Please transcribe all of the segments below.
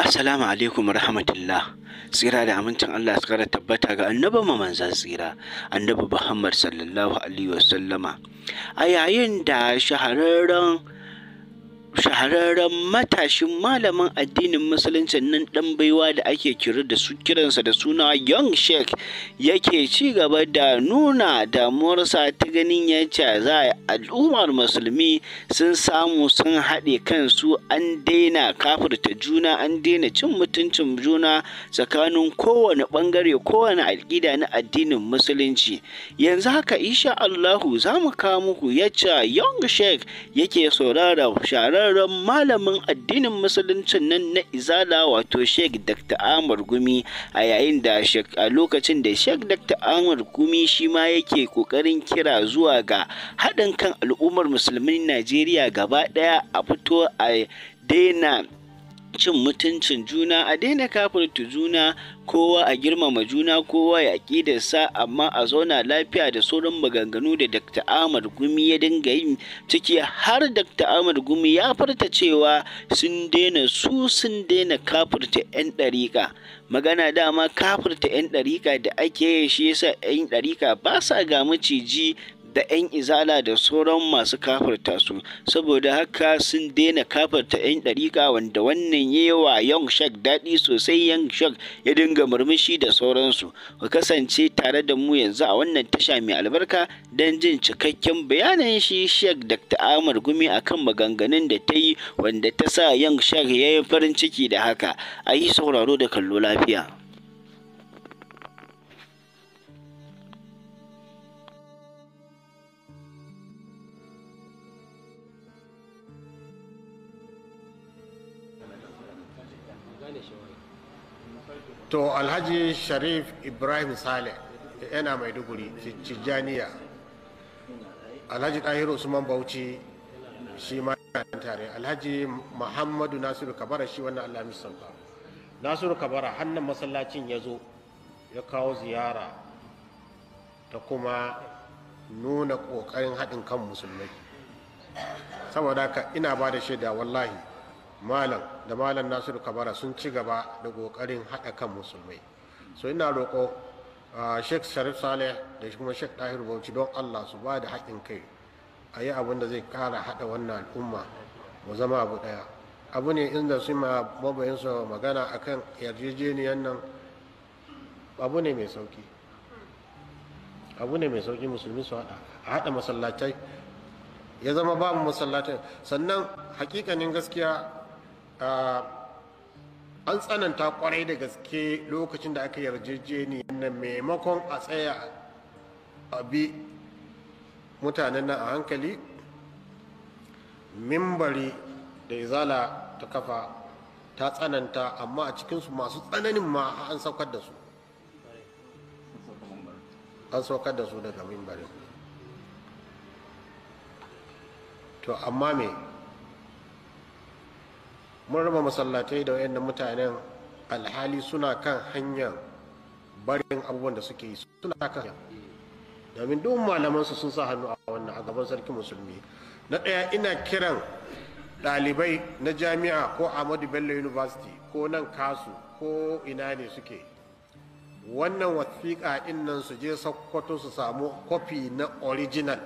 Assalamu alaikum wa rahmatullah. Tsira da amincin Allah su kara tabbata ga annabi ma manzan tsira, annabi Muhammad sallallahu alaihi wasallama. A yayin da shahararren shahararren matashin malamin addinin Musulunci nan dan baiwa da ake kira da su kiransa da suna young sheik yake ci gaba da nuna damuwarsa ta ganin yace za a al'ummar musulmi sun samu sun haɗe kansu an daina kafirta juna an daina cin mutuncin juna tsakanin kowane ɓangare kowane alƙida na addinin musulunci yanzu haka insha Allahu za mu kawo muku ce young sheik yake saurara shahararren ƙwararren malamin addinin musuluncin nan na izala wato sheikh dr ahmad gumi a yayin da a lokacin da sheikh dr ahmad gumi shi ma yake ƙoƙarin kira zuwa ga haɗin kan al'ummar musulmin najeriya gaba ɗaya a fito a daina cin mutuncin juna a daina kafirta juna kowa a girmama juna kowa ya sa amma a zauna lafiya da sauran maganganu da dr ahmad gumi ya dinga yin ciki har dr ahmad gumi ya farta cewa sun daina su sun daina kafirta 'yan ɗariƙa magana dama kafirta 'yan ɗariƙa da ake yi shi yasa 'yan ɗariƙa ba sa ga maciji da 'yan izala da sauran masu kafarta su saboda haka sun daina kafarta 'yan ɗariƙa wanda wannan yi wa Young shak daɗi sosai Young shak ya dinga murmushi da sauransu ku kasance tare da mu yanzu a wannan tasha mai albarka don jin cikakken bayanan shi shak dr ahmad gumi akan maganganun da ta yi wanda ta sa yan shak ya yi farin ciki da haka a yi sauraro da kallo lafiya to alhaji sharif ibrahim saleh yana maiduguri cijjaniya alhaji ɗahiru usman bauchi shi ma yana tare alhaji muhammadu nasiru kabara shi wannan alhamis sauka nasiru kabara hannun masallacin ya zo ya kawo ziyara ta kuma nuna ƙoƙarin haɗin kan musulmai saboda haka ina ba da shaida wallahi malam da malam nasiru kabara sun ci gaba da ƙoƙarin haɗa kan musulmai so ina roƙo sheikh sharif saleh da kuma sheikh tahir bauchi don allah su ba da haƙin kai a yi abin da zai ƙara haɗa wannan al'umma mu zama abu ɗaya abu ne inda su ma su magana akan yarjejeniyar nan abu ne mai sauki abu ne mai sauki musulmi su haɗa a haɗa masallatai ya zama babu masallatai sannan hakikanin gaskiya Ah, an tsananta kwarai da gaske lokacin da aka yarjejeni na maimakon a tsaya a bi mutanen nan a hankali mimbari da izala ta kafa ta tsananta amma a cikinsu masu tsananin ma an saukar da su an saukar da su daga mimbari to amma mai mun raba masallatai da wayannan mutanen alhali suna kan hanyar barin abubuwan da suke yi suna kan domin duk malamansu sun sa hannu a wannan a gaban sarkin musulmi na ɗaya ina kiran ɗalibai na jami'a ko ahmadu bello university ko nan kasu ko ina ne suke wannan wasiƙa in nan su je sokoto su samu kofi na original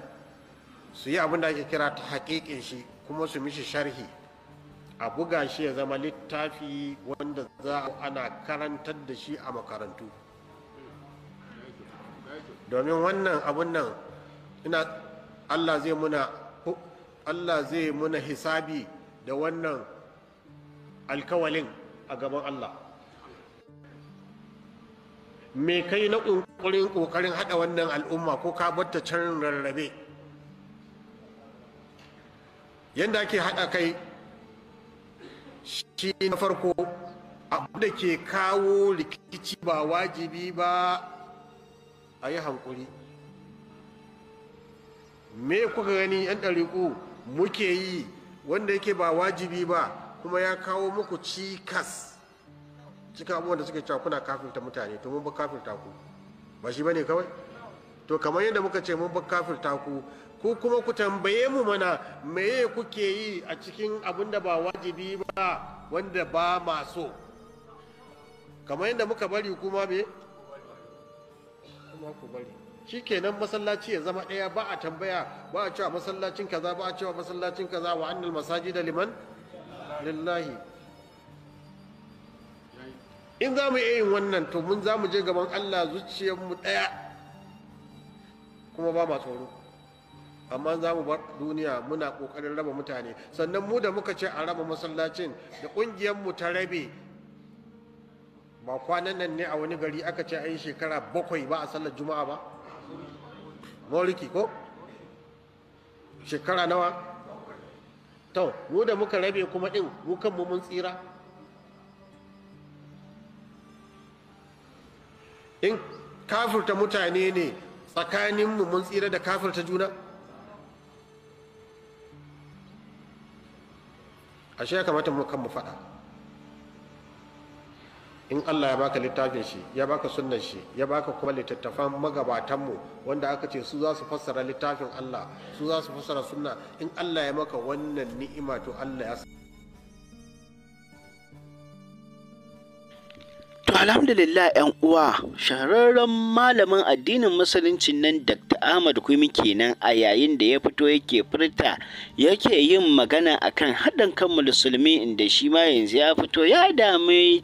su yi abin ake kira ta haƙiƙin shi kuma su mishi sharhi a buga shi ya zama littafi wanda za a ana karantar da shi a makarantu domin wannan abun nan ina Allah zai muna Allah zai muna hisabi da wannan alkawalin a gaban Allah me kai na ƙunƙurin ƙoƙarin haɗa wannan al'umma ko ka bata can rarrabe yadda ake haɗa kai shi na farko abu da ke kawo rikici ba wajibi ba a yi hankuri me kuka gani 'yan ɗariƙu muke yi wanda yake ba wajibi ba kuma ya kawo muku cikas cika abubuwan da suke cewa kuna kafirta mutane to mun ba kafirta ku ba shi ba ne kawai to kamar yadda muka ce mun ba kafirta ku ko kuma ku tambaye mu mana meye kuke yi a cikin abin da ba wajibi ba wanda ba maso kamar yadda muka bari kuma me kuma ku bari shikenan masallaci ya zama ɗaya ba a tambaya ba a cewa masallacin kaza ba a cewa masallacin kaza wa annal masaji da liman lillahi in za mu iya yin wannan to mun za mu je gaban Allah zuciyarmu ɗaya kuma ba ma tsoro amma za mu bar duniya muna kokarin raba mutane sannan mu da muka ce a raba masallacin da kungiyar mu ta rabe ba kwanan nan ne a wani gari aka ce yi shekara bakwai ba a sallar juma'a ba moriki ko shekara nawa to mu da muka rabe kuma din mu kanmu mun tsira in kafirta mutane ne tsakaninmu mun tsira da kafirta juna ashe ya kamata mu kan mu faɗa in Allah ya baka littafin shi ya baka sunnan shi ya baka kuma littattafan magabatanmu wanda aka ce su za su fassara littafin Allah su za su fassara sunna in Allah ya maka wannan ni'ima to Allah ya Alhamdulillah 'yan uwa, shahararren malamin addinin musulunci nan Dr. Ahmad Kumi kenan a yayin da ya fito yake furta yake yin magana akan haɗin kan musulmi inda shi ma yanzu ya fito ya dami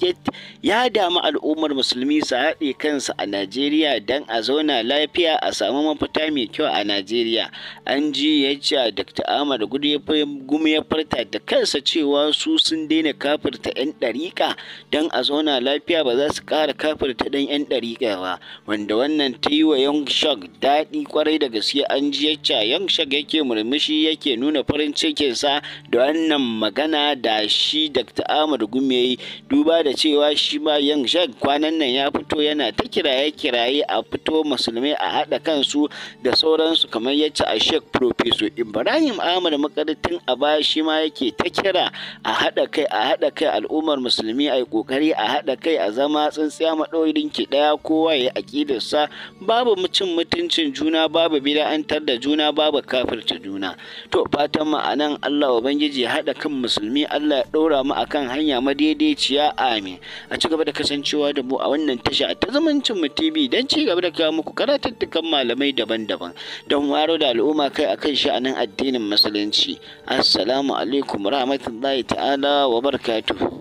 al'ummar musulmi su haɗe kansu a Najeriya don a zauna lafiya a samu mafita mai kyau a Najeriya. An ji ya ce Dr. Ahmad Gumi ya furta da kansa cewa su sun daina kafirta 'yan ɗariƙa don a zauna lafiya ba za su su ƙara ta ɗan 'yan ɗarikawa wanda wannan ta yi wa Young Shug daɗi kwarai da gaske an ji yacca Young Shug yake murmushi yake nuna farin cikinsa da wannan magana da shi Dr. Ahmad Gumi ya yi duba da cewa shi ma Young Shug kwanan nan ya fito yana ta kiraye-kiraye a fito musulmai a haɗa kansu da sauransu kamar yacca a shek profeso Ibrahim Ahmad makarantun a baya shi ma yake ta kira a haɗa kai a haɗa kai al'ummar musulmi a yi ƙoƙari a haɗa kai a zama ma tsintsiya maɗaurin ki ɗaya kowa ya aƙidarsa babu cin mutuncin juna babu bida'antar da juna babu kafinta juna to fatan mu anan Allah ubangiji haɗa kan musulmi Allah ya ɗora mu akan hanya madaidaiciya amin a ci gaba da kasancewa da mu a wannan tasha ta zumuncin mu TV don ci gaba da kawo muku dukkan malamai daban-daban don waro da al'umma kai akan sha'anin addinin musulunci assalamu alaikum rahmatullahi ta'ala wa barakatuhu